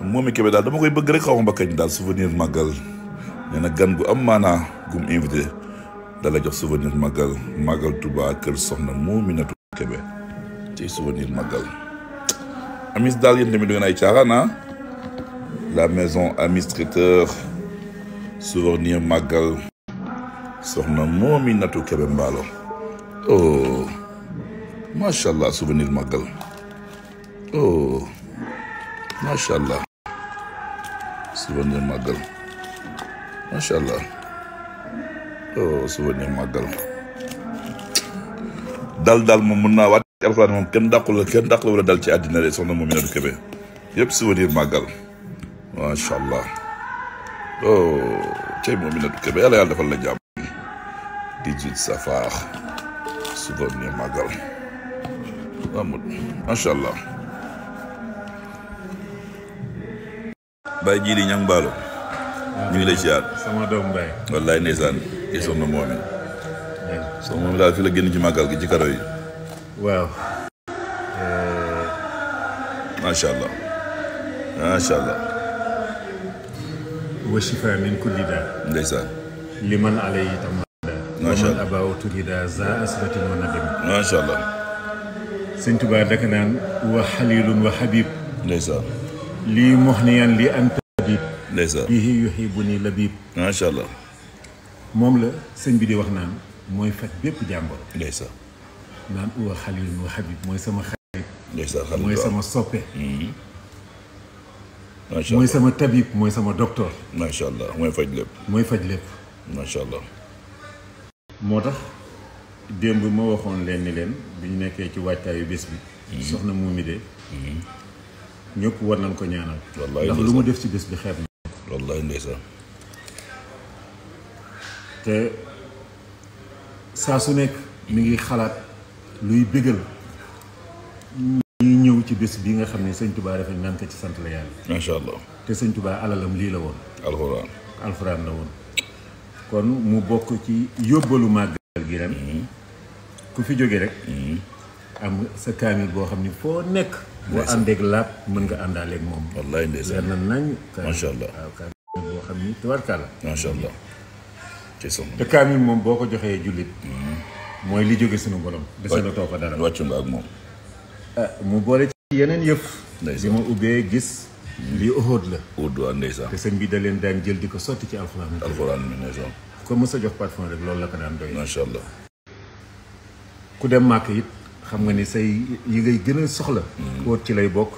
Momy Kébé daal dama koy bëgg rek xaw ma ba kañ daal souvenir màggal nee gan gu am gum invité da la jox souvenir màggal màggal Touba kër soxna Mominatou Kébé ci souvenir màggal Amis daal yéen tamit du ngeen ay caaxaan ah. la maison Amis souvenir màggal soxna Mominatou Kébé Mballo oh macha allah souvenir màggal oh macha allah souvenir màggal macha allah oh souvenir màggal dal daal moom mën naa waat alxuraan moom kenn dàqul la kenn dàqul wala dal ci àddina de soxna moom Minatu Kébé yëpp souvenir màggal macha allah oh cey moom Minatu Kébé yàlla yàlla defal la jàmm 18 safar souvenir màggal amul macha allah Baye Jili Ñang Mbaalo ah. ñu ngi lay ziar sama doom Baye wallaay ndeysaan kii soxna moom ah. it ci màggal gi ci karo yi waaw eh. macha allah wa shifa min kulli daa ndeysaan li man alay itam macha allah abaa turida za wa nadim wa xalilun wa lii muxniyan li anta tabib ndeysaan bihi yuhibuni labib macha allah moom la sëñ bi di wax naan mooy faj bépp jàmbor ndeysaan naan uwa wa xabib mooy sama xarit mooy sama soppe macha hmm. allah mooy sama tabib mooy sama docteur macha allah mooy faj lépp mooy faj lépp macha allah moo tax démb ma waxoon leen ni leen bi nekkee ci waajtaayu bés bi hmm. soxna Momy de hmm. ñëpp war nañ ko ñaanal. wallaay ndax lu mu def ci bés bi xeeb na. wallaay te saa su nekk mi ngi xalaat luy bégal. ñuy ñëw ci bés bi nga xam ne sëñ Touba dafa ñaan ci sant la yàlla. macha allah te sëñ Touba alalam lii la woon. alxuraan alxuraan la woon. kon mu bokk ci yóbbalu màggal gi ren. Mm-hmm. ku fi jóge rek. Mm-hmm. am sa kaamil boo xam ni foo nekk. boo àndeeg laab mën nga àndaaleeg moom. wallaay ndeysaan leer na nañ. boo xam ni tubarkàlla. macha allah. ci sama te kaamil moom boo ko joxee jullit. Hmm. mooy li jóge suñu borom. dese la too ko dara wàccu nga ak moom. ah mu boole ci yeneen yëf. ndeysaan li ma ubbee gis. Hmm. lii oxoot la. oxoot waaw ndeysaan. te sëñ bi da leen daan jël di ko sotti ci alxuraan. alxuraan mi ndeysaan. ko mës a jox parfum rek loolu la ko daan doy. macha allah. ku dem màkk it. xam nga ni say yi ngay gën a soxla. Hmm. wóor ci lay bokk.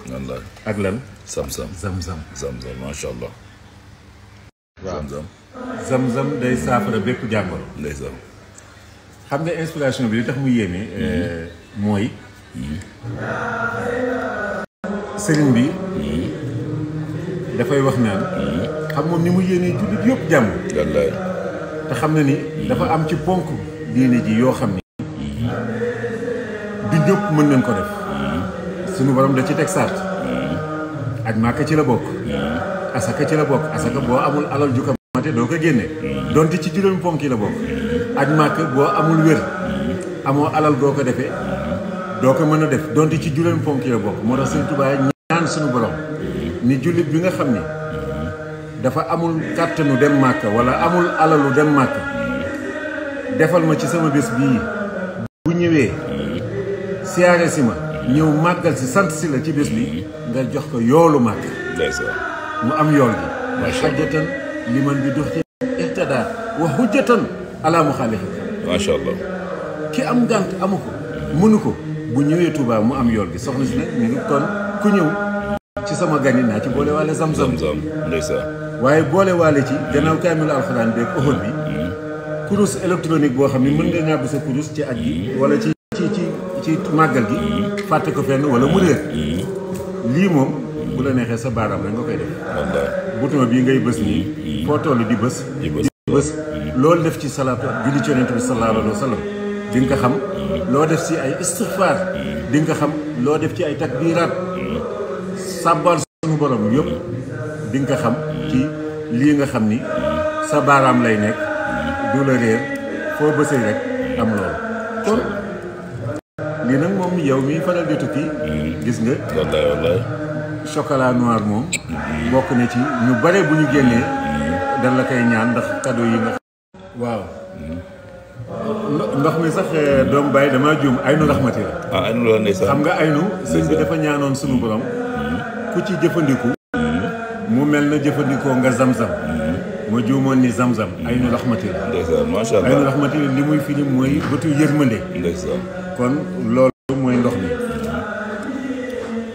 ak lan. Zamzam Zamzam. Zamzam macha allah. waaw Zamzam. Zamzam day saafara bépp jàngoro. ndeysaan. xam nga inspiration bi li tax mu yéeme. Hmm. Euh, mooy. Hmm. sëriñ bi. dafay wax naan. xam nga ni mu yéenee jullit yëpp jàmm. te xam na ni. dafa am ci ponk diine ji yoo xam ne du ñëpp mën nañ ko def. suñu borom da ci teg sart. ak Màkka ci la bokk. asaka ci la bokk asaka boo amul alal ju ko mate doo ko génne. donte ci juróomi ponk yi la bokk. ak Màkka boo amul wér. amoo alal goo ko defee. doo ko mën a def donte ci juróomi ponk yi la bokk moo tax Sëñ Tuubaa ñaan suñu borom. ni jullit bi nga xam ni. dafa amul kàttanu den màkka wala amul alalu den màkka defal ma ci sama bis bii bu ñëwee siyaare si ma ñëw màggal si sant si la ci bés bi mm-hmm. nga jox ko yoolu màggal mu am yool bi wa xajjatan li man bi dox ci wax wa xujjatan ala muxaalifi macha allah ki am gànt amu ko mënu mm-hmm. ko bu ñëwee Touba mu am yool bi soxna si nag ñu ngi kon ku ñëw ci sama gani naa ci boole waale zam-zam waaye boole waale ci mm-hmm. gannaaw kaamil alxuraan beeg uhud bi kurus électronique boo xam ne mën nga ñàbb sa kurus ci at gi wala ci ci ci ci màggal gi. Mm. fàtte ko fenn wala mu réer. Mm. lii moom bu la neexee sa baaraam rek nga koy def. bouton bii ngay bës nii. Mm. foo toll di bës. di bës loolu def ci salaatu ak julli di nga xam. loo def si ay istighfar. di nga xam loo def ci ay takbiraat. sàbbaal suñu borom yëpp di nga xam ci lii nga xam ni sa baaraam lay nekk. du la réer foo bësee rek am loolu bi nag moom yow mi faral di tukki gis nga wallaay noir moom mm-hmm. bokk na ci ñu bare bu ñu génnee mm-hmm. dan la koy ñaan ndax cadeau yi nga waaw mm-hmm. ndox mi sax eh, doom bàyyi damaa juum aynu raxmati la ah xam nga aynu sëñ bi dafa ñaanoon sunu borom ku ci jëfandiku mu mel na jëfandikoo nga zam-zam ma juumoon ni zam-zam aynu raxmati la li muy firi mooy bëtu yërmande kon loolu mooy ndox mi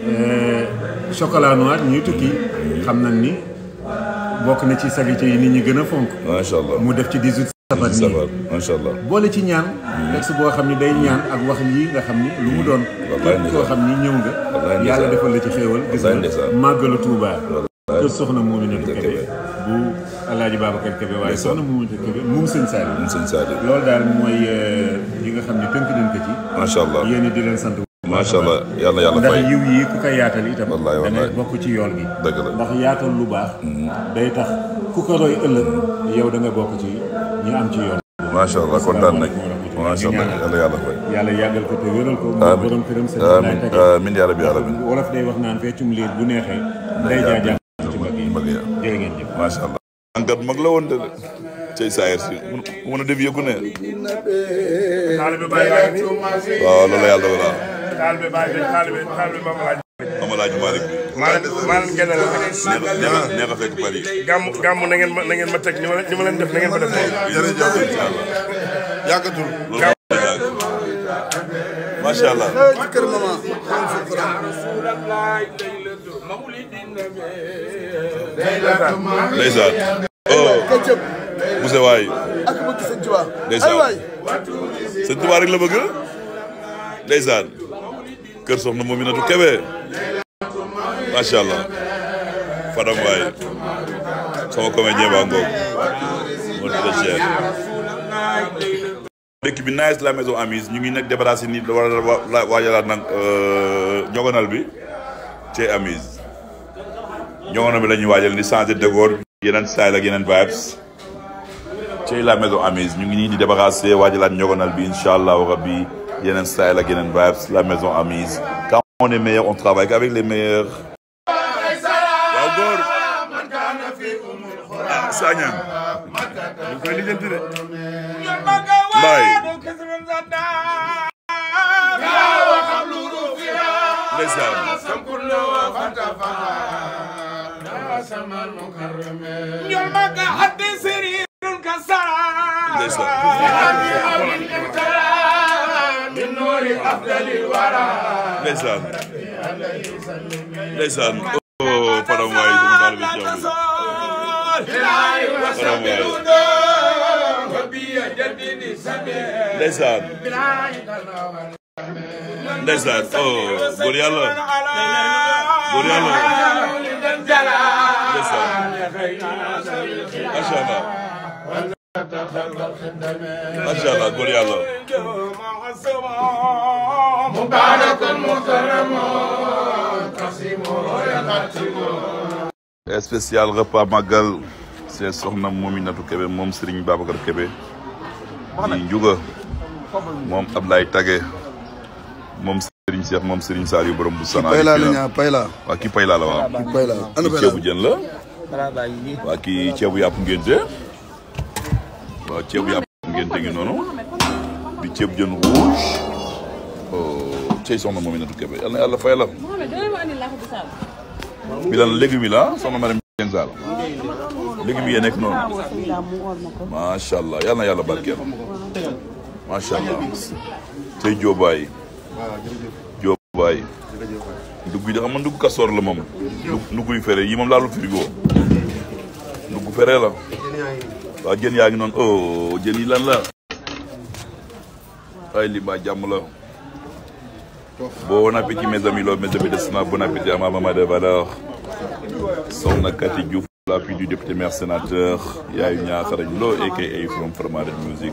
eh, chocolat noir ñuy tukki xam nañ ni bokk na ci sagité yi ni ñi gën a fonk. macha mu def ci 18 safar nii macha boole ci ñaan. Hmm. texte boo xam ni day ñaan ak wax yi nga xam ni lu mu hmm. doon. képp koo xam ni ñëw nga. yàlla defal la ci xéewal. gis nga màggalu Tuubaa. kër soxna Mominatu Kebe bu. Alaaji Babacar Kébé waaye soxna Momadou Kébé moom sëñ Saliou moom sëñ Saliou loolu daal mooy euh, yi nga xam ne tënk nañ ko ci macha allah di leen sant macha allah yàlla yàlla fay yi ku koy yaatal itam wallaay wallaay gi dëgg la ndax yaatal lu baax mhm. day tax ku ko roy ëllëg yow da nga bokk ci ñi am ci yool macha allah kontaan nañ macha allah yàlla yàlla fay yàlla yàggal ko te wéral ko mu borom këram sëñ amiin yaa rabbi yaa rabbi wolof day wax naan feccum liir bu neexee day jaajëf ci mbagg yi mbagg yi jërë angat mag la woon de cey sayer si mu a def yëgu ne waaw loolu la yàlla dogal waaw taalibe Baye taalibe taalibe Mama Laaj Laaj Malick maa leen gënal neex a fekk Paris gàmm gàmm na ngeen ma na ngeen ma teg ni ma ni ma leen def na ngeen ma def ndeysaan Moussa waay. ak bëgg sëñ Tuubaa. ndeysaan rek la bëgg. ndeysaan. kër soxna Mominatou Kébé. macha allah. Fadam waay. sama comédien baa ngoog. moo tudd Cheikh. bi nice la maison amise ñu ngi nag débarrassé nii war a waajalaat nag ñogonal bi. cee amise. ñoŋono bi la ñuy waajal ni changer décor yeneen style ak la maison Amise ñu ngi nii di débarrasser waajalaat ñogonal bi incha allahu rabbi yeneen style ak yeneen vibes la maison Amise quand on est meilleur on travaille qu'avec les meilleurs. waaw góor. ah Sagnane. ñu ngi koy lijjanti de. Mbaye. ndeysaan. الحرم المكرم يومك حد سرير كسرى لأبي أبي الابتلاء من نور أفضل الورى لسان لسان أوه فرم واي دم دار بيجام لسان لسان أوه غوريالا غوريالا ما شاء الله ما شاء الله قول يا الله مبارك مكرم قسيم spécial repas màggal c'est soxna Mominatou Kébé moom Serigne Babacar Kébé di Ndiouga moom Ablaye Tagé moom Serigne Cheikh moom Serigne Saliou borom bu sana pay la la ñaa pay la waaw kii pay la la waaw kii ceebu jën la waa kii ceebu yàpp ngénte waaw ceebu yàpp ngénte ngi noonu bi ceeb jën rouge oh, cey soxna moom i natu kebe yal yàlla fay la bi lan légumes la soxna ma dem jeng sall nekk noonu macha allah yàlla barkeel macha allah tey joobaay joobaay dugg yi da kastoor la moom dugg fere yi moom laalu frigo bu feree jën yaa ngi noonu oh jën yi lan la ay li ma jàmm la bon appétit mes amis loolu mes amis des na bon appétit de valeur Soxna Kati Diouf l'appui du député maire sénateur Yaayu Niang Xarañ Lo aka from Farmarédge Music